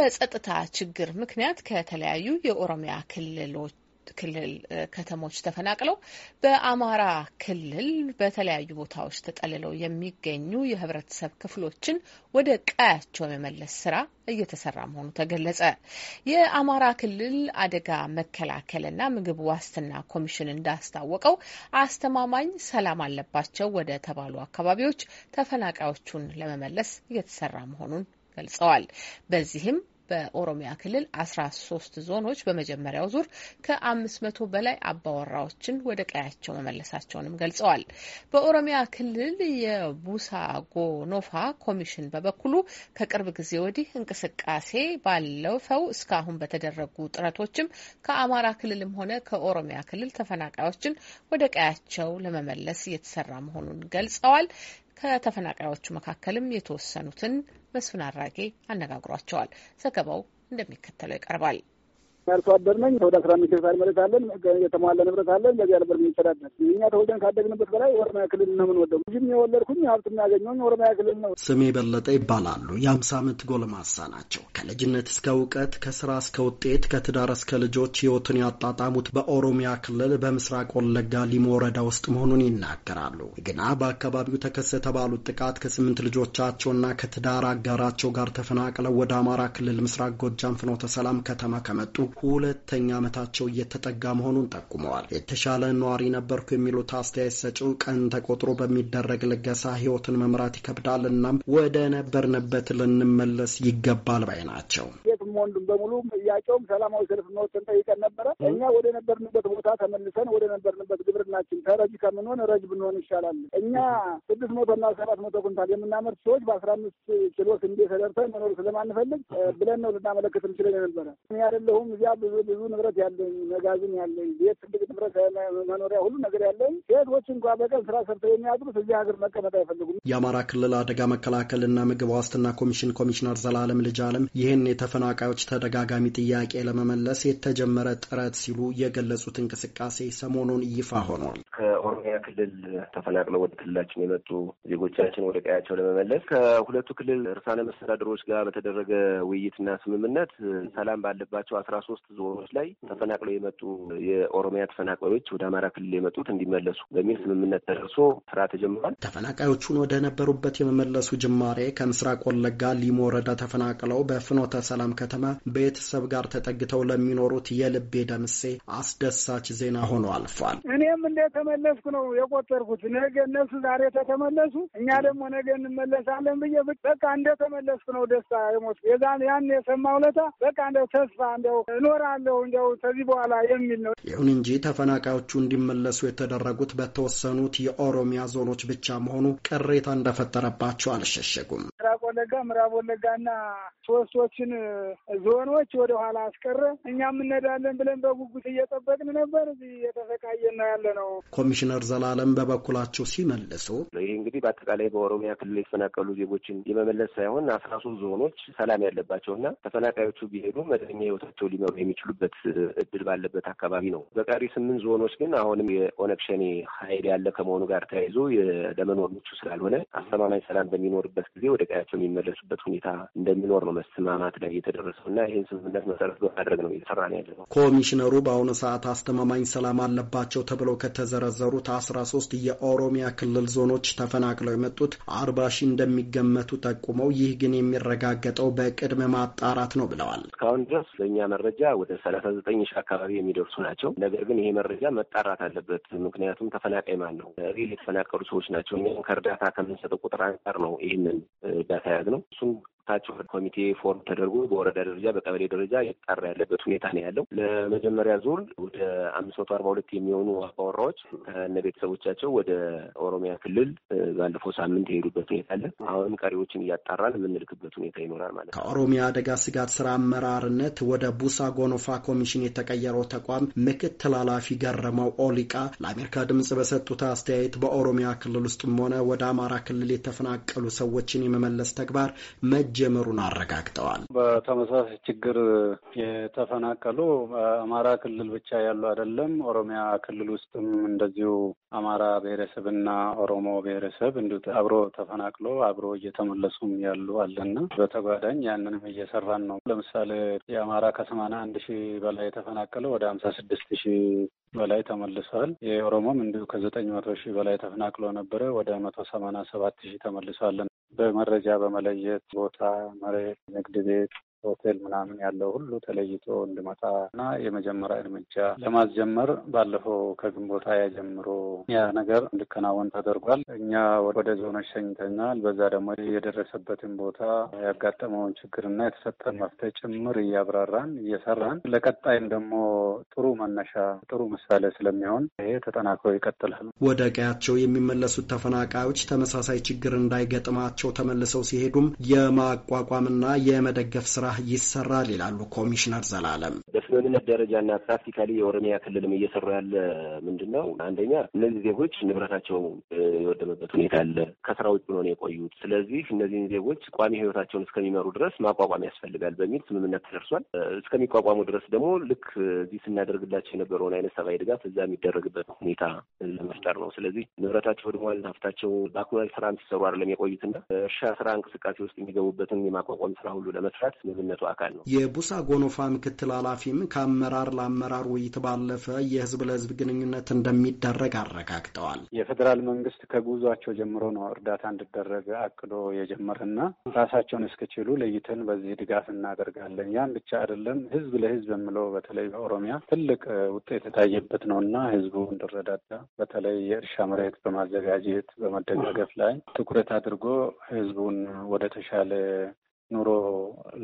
በጸጥታ ችግር ምክንያት ከተለያዩ የኦሮሚያ ክልሎች ክልል ከተሞች ተፈናቅለው በአማራ ክልል በተለያዩ ቦታዎች ተጠልለው የሚገኙ የህብረተሰብ ክፍሎችን ወደ ቀያቸው የመመለስ ስራ እየተሰራ መሆኑ ተገለጸ። የአማራ ክልል አደጋ መከላከልና ምግብ ዋስትና ኮሚሽን እንዳስታወቀው አስተማማኝ ሰላም አለባቸው ወደ ተባሉ አካባቢዎች ተፈናቃዮቹን ለመመለስ እየተሰራ መሆኑን ገልጸዋል። በዚህም በኦሮሚያ ክልል አስራ ሶስት ዞኖች በመጀመሪያው ዙር ከአምስት መቶ በላይ አባወራዎችን ወደ ቀያቸው መመለሳቸውንም ገልጸዋል። በኦሮሚያ ክልል የቡሳ ጎኖፋ ኮሚሽን በበኩሉ ከቅርብ ጊዜ ወዲህ እንቅስቃሴ ባለፈው እስካሁን በተደረጉ ጥረቶችም ከአማራ ክልልም ሆነ ከኦሮሚያ ክልል ተፈናቃዮችን ወደ ቀያቸው ለመመለስ እየተሰራ መሆኑን ገልጸዋል። ከተፈናቃዮቹ መካከልም የተወሰኑትን መስፍን አራጌ አነጋግሯቸዋል። ዘገባው እንደሚከተለው ይቀርባል። አርሶ አደር ነኝ። ወደ አስራ አምስት ሄክታር መሬት አለን። የተሟላ ንብረት አለን። በዚያ ነበር የምንተዳደር። እኛ ተወልደን ካደግንበት በላይ ኦሮሚያ ክልል ነው የምንወደው። ልጅም የወለድኩኝ ሀብት የሚያገኘውኝ ኦሮሚያ ክልል ነው። ስሜ በለጠ ይባላሉ። የአምሳ ዓመት ጎልማሳ ናቸው። ከልጅነት እስከ እውቀት፣ ከስራ እስከ ውጤት፣ ከትዳር እስከ ልጆች ህይወትን ያጣጣሙት በኦሮሚያ ክልል በምስራቅ ወለጋ ሊሞ ወረዳ ውስጥ መሆኑን ይናገራሉ። ግና በአካባቢው ተከሰተ ባሉት ጥቃት ከስምንት ልጆቻቸውና ከትዳር አጋራቸው ጋር ተፈናቅለው ወደ አማራ ክልል ምስራቅ ጎጃም ፍኖተ ሰላም ከተማ ከመጡ ሁለተኛ ዓመታቸው እየተጠጋ መሆኑን ጠቁመዋል። የተሻለ ነዋሪ ነበርኩ የሚሉት አስተያየት ሰጪው ቀን ተቆጥሮ በሚደረግ ልገሳ ህይወትን መምራት ይከብዳል፣ እናም ወደ ነበርንበት ልንመለስ ይገባል ባይ ናቸው። ሴቱም ወንዱም በሙሉ ጥያቄውም ሰላማዊ ሰልፍ መወሰን ጠይቀን ነበረ። እኛ ወደ ነበርንበት ቦታ ተመልሰን ወደ ነበርንበት ግብርናችን ተረጅ ከምንሆን ረጅ ብንሆን ይሻላል። እኛ ስድስት መቶና ሰባት መቶ ኩንታል የምናመርት ሰዎች በአስራ አምስት ኪሎ ስንዴ ተደርተን መኖር ስለማንፈልግ ብለን ነው ልናመለክት እንችለን የነበረ። እኔ አይደለሁም እዚያ ብዙ ብዙ ንብረት ያለኝ መጋዘን ያለኝ ቤት ትልቅ ንብረት መኖሪያ ሁሉ ነገር ያለኝ ሴቶች እንኳ በቀን ስራ ሰርተው የሚያድሩት እዚህ ሀገር መቀመጥ አይፈልጉም። የአማራ ክልል አደጋ መከላከልና ምግብ ዋስትና ኮሚሽን ኮሚሽነር ዘላለም ልጅ አለም ይህን የተፈናቀ ተፈናቃዮች ተደጋጋሚ ጥያቄ ለመመለስ የተጀመረ ጥረት ሲሉ የገለጹት እንቅስቃሴ ሰሞኑን ይፋ ሆኗል። ከኦሮሚያ ክልል ተፈናቅለው ወደ ክልላችን የመጡ ዜጎቻችን ወደ ቀያቸው ለመመለስ ከሁለቱ ክልል እርሳነ መስተዳድሮች ጋር በተደረገ ውይይትና ስምምነት ሰላም ባለባቸው አስራ ሶስት ዞኖች ላይ ተፈናቅለው የመጡ የኦሮሚያ ተፈናቃዮች ወደ አማራ ክልል የመጡት እንዲመለሱ በሚል ስምምነት ተደርሶ ስራ ተጀምሯል። ተፈናቃዮቹን ወደ ነበሩበት የመመለሱ ጅማሬ ከምስራቅ ወለጋ ሊሞ ወረዳ ተፈናቅለው በፍኖተ ሰላም ከተማ ቤተሰብ ጋር ተጠግተው ለሚኖሩት የልቤ ደምሴ አስደሳች ዜና ሆኖ አልፏል። እኔም እንደተመለስኩ ነው የቆጠርኩት። ነገ እነሱ ዛሬ ተተመለሱ፣ እኛ ደግሞ ነገ እንመለሳለን ብዬ በቃ እንደተመለስኩ ነው ደስታ የሞት የዛን ያን የሰማ ለታ በቃ እንደ ተስፋ እንደው እኖራለሁ እንደው ከዚህ በኋላ የሚል ነው። ይሁን እንጂ ተፈናቃዮቹ እንዲመለሱ የተደረጉት በተወሰኑት የኦሮሚያ ዞኖች ብቻ መሆኑ ቅሬታ እንደፈጠረባቸው አልሸሸጉም። ወለጋ፣ ምዕራብ ወለጋና ሶስቶችን ዞኖች ወደ ኋላ አስቀረ። እኛም እንሄዳለን ብለን በጉጉት እየጠበቅን ነበር። እዚህ እየተሰቃየን ነው ያለ ነው። ኮሚሽነር ዘላለም በበኩላቸው ሲመልሱ ይህ እንግዲህ በአጠቃላይ በኦሮሚያ ክልል የተፈናቀሉ ዜጎችን የመመለስ ሳይሆን አስራ ሶስት ዞኖች ሰላም ያለባቸው እና ተፈናቃዮቹ ቢሄዱ መደበኛ ህይወታቸው ሊመሩ የሚችሉበት እድል ባለበት አካባቢ ነው። በቀሪ ስምንት ዞኖች ግን አሁንም የኦነግ ሸኔ ኃይል ያለ ከመሆኑ ጋር ተያይዞ ለመኖር ምቹ ስላልሆነ አስተማማኝ ሰላም በሚኖርበት ጊዜ ወደ ቀያቸው የሚመለሱበት ሁኔታ እንደሚኖር ነው መስማማት ላይ የተደረሰው እና ይህን ስምምነት መሰረት በማድረግ ነው እየተሰራ ነው ያለ ኮሚሽነሩ በአሁኑ ሰዓት አስተማማኝ ሰላም አለባቸው ተብለው ከተዘረዘሩት አስራ ሶስት የኦሮሚያ ክልል ዞኖች ተፈናቅለው የመጡት አርባ ሺህ እንደሚገመቱ ጠቁመው ይህ ግን የሚረጋገጠው በቅድመ ማጣራት ነው ብለዋል። እስካሁን ድረስ በእኛ መረጃ ወደ ሰላሳ ዘጠኝ ሺህ አካባቢ የሚደርሱ ናቸው። ነገር ግን ይሄ መረጃ መጣራት አለበት። ምክንያቱም ተፈናቃይ ማን ነው? ሪል የተፈናቀሉ ሰዎች ናቸው። እኛም ከእርዳታ ከምንሰጠው ቁጥር አንጻር ነው ይህንን እርዳታ አተያያዝ ነው። እሱም ታች ኮሚቴ ፎርም ተደርጎ በወረዳ ደረጃ በቀበሌ ደረጃ እየተጣራ ያለበት ሁኔታ ነው ያለው። ለመጀመሪያ ዙር ወደ አምስት መቶ አርባ ሁለት የሚሆኑ አባወራዎች ከነ ቤተሰቦቻቸው ወደ ኦሮሚያ ክልል ባለፈው ሳምንት የሄዱበት ሁኔታ አለ። አሁንም ቀሪዎችን እያጣራን የምንልክበት ሁኔታ ይኖራል ማለት ነው። ከኦሮሚያ አደጋ ስጋት ስራ አመራርነት ወደ ቡሳ ጎኖፋ ኮሚሽን የተቀየረው ተቋም ምክትል ኃላፊ ገረመው ኦሊቃ ለአሜሪካ ድምጽ በሰጡት አስተያየት በኦሮሚያ ክልል ውስጥም ሆነ ወደ አማራ ክልል የተፈናቀሉ ሰዎችን የመመለስ ተግባር መጅ መጀመሩን አረጋግጠዋል። በተመሳሳይ ችግር የተፈናቀሉ በአማራ ክልል ብቻ ያሉ አይደለም። ኦሮሚያ ክልል ውስጥም እንደዚሁ አማራ ብሔረሰብና ኦሮሞ ብሔረሰብ እንዲሁ አብሮ ተፈናቅሎ አብሮ እየተመለሱም ያሉ አለና በተጓዳኝ ያንንም እየሰራን ነው። ለምሳሌ የአማራ ከሰማንያ አንድ ሺህ በላይ የተፈናቀለ ወደ ሀምሳ ስድስት ሺህ በላይ ተመልሷል። የኦሮሞም እንዲሁ ከዘጠኝ መቶ ሺህ በላይ ተፈናቅሎ ነበረ ወደ መቶ ሰማንያ ሰባት ሺህ ተመልሷል። በመረጃ በመለየት ቦታ፣ መሬት፣ ንግድ ቤት ሆቴል ምናምን ያለው ሁሉ ተለይቶ እንድመጣ እና የመጀመሪያ እርምጃ ለማስጀመር ባለፈው ከግንቦት ሃያ ጀምሮ ያ ነገር እንዲከናወን ተደርጓል። እኛ ወደ ዞኖች ሸኝተናል። በዛ ደግሞ የደረሰበትን ቦታ ያጋጠመውን ችግርና የተሰጠን መፍትሄ ጭምር እያብራራን እየሰራን ለቀጣይም ደግሞ ጥሩ መነሻ ጥሩ ምሳሌ ስለሚሆን ይሄ ተጠናክሮ ይቀጥላል። ወደ ቀያቸው የሚመለሱት ተፈናቃዮች ተመሳሳይ ችግር እንዳይገጥማቸው ተመልሰው ሲሄዱም የማቋቋምና የመደገፍ ስራ ይሰራል ይላሉ ኮሚሽነር ዘላለም። በምነት ደረጃና ፕራክቲካሊ የኦሮሚያ ክልልም እየሰሩ ያለ ምንድን ነው፣ አንደኛ እነዚህ ዜጎች ንብረታቸው የወደመበት ሁኔታ አለ። ከስራ ውጭ ነው የቆዩት። ስለዚህ እነዚህን ዜጎች ቋሚ ህይወታቸውን እስከሚመሩ ድረስ ማቋቋም ያስፈልጋል በሚል ስምምነት ተደርሷል። እስከሚቋቋሙ ድረስ ደግሞ ልክ እዚህ ስናደርግላቸው የነበረውን አይነት ሰብአዊ ድጋፍ እዛ የሚደረግበት ሁኔታ ለመፍጠር ነው። ስለዚህ ንብረታቸው ወድሟል፣ ሀብታቸው በአኩላል ስራ ሲሰሩ አይደለም የቆዩትና እርሻ ስራ እንቅስቃሴ ውስጥ የሚገቡበትን የማቋቋም ስራ ሁሉ ለመስራት ስምምነቱ አካል ነው። የቡሳ ጎኖፋ ምክትል ኃላፊም ከአመራር ለአመራር ውይይት ባለፈ የህዝብ ለህዝብ ግንኙነት እንደሚደረግ አረጋግጠዋል። የፌዴራል መንግስት ከጉዟቸው ጀምሮ ነው እርዳታ እንዲደረግ አቅዶ የጀመረና ራሳቸውን እስክችሉ ለይተን በዚህ ድጋፍ እናደርጋለን። ያን ብቻ አይደለም፣ ህዝብ ለህዝብ የምለው በተለይ በኦሮሚያ ትልቅ ውጤት የታየበት ነው እና ህዝቡ እንዲረዳዳ በተለይ የእርሻ መሬት በማዘጋጀት በመደጋገፍ ላይ ትኩረት አድርጎ ህዝቡን ወደ ተሻለ ኑሮ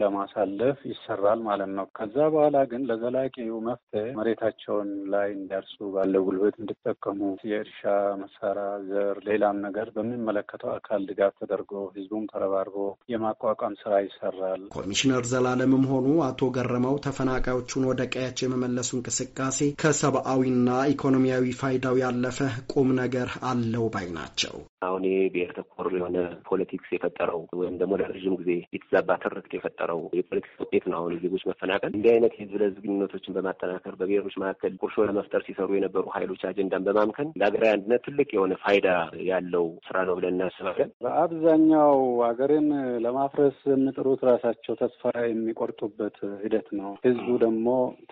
ለማሳለፍ ይሰራል ማለት ነው። ከዛ በኋላ ግን ለዘላቂው መፍትሄ መሬታቸውን ላይ እንዲያርሱ ባለው ጉልበት እንዲጠቀሙ የእርሻ መሳሪያ፣ ዘር፣ ሌላም ነገር በሚመለከተው አካል ድጋፍ ተደርጎ ህዝቡን ተረባርቦ የማቋቋም ስራ ይሰራል። ኮሚሽነር ዘላለምም ሆኑ አቶ ገረመው ተፈናቃዮቹን ወደ ቀያቸው የመመለሱ እንቅስቃሴ ከሰብአዊና ኢኮኖሚያዊ ፋይዳው ያለፈ ቁም ነገር አለው ባይ ናቸው። አሁን ይሄ ብሔር ተኮር የሆነ ፖለቲክስ የፈጠረው ወይም ደግሞ ለረዥም ጊዜ የተዛባ ትርክት የፈጠረው የፖለቲክስ ውጤት ነው። አሁን ዜጎች መፈናቀል እንዲህ አይነት የህዝብ ለህዝብ ግንኙነቶችን በማጠናከር በብሔሮች መካከል ቁርሾ ለመፍጠር ሲሰሩ የነበሩ ኃይሎች አጀንዳን በማምከን ለሀገራዊ አንድነት ትልቅ የሆነ ፋይዳ ያለው ስራ ነው ብለን እናስባለን። በአብዛኛው ሀገርን ለማፍረስ የምጥሩት ራሳቸው ተስፋ የሚቆርጡበት ሂደት ነው። ህዝቡ ደግሞ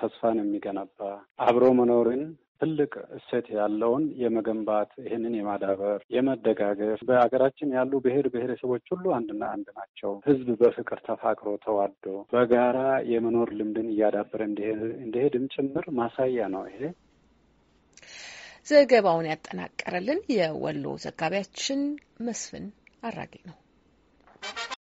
ተስፋን የሚገነባ አብሮ መኖርን ትልቅ እሴት ያለውን የመገንባት ይህንን የማዳበር የመደጋገፍ በሀገራችን ያሉ ብሔር ብሔረሰቦች ሁሉ አንድና አንድ ናቸው። ህዝብ በፍቅር ተፋቅሮ ተዋዶ በጋራ የመኖር ልምድን እያዳበረ እንደሄድም ጭምር ማሳያ ነው ይሄ። ዘገባውን ያጠናቀረልን የወሎ ዘጋቢያችን መስፍን አራጌ ነው።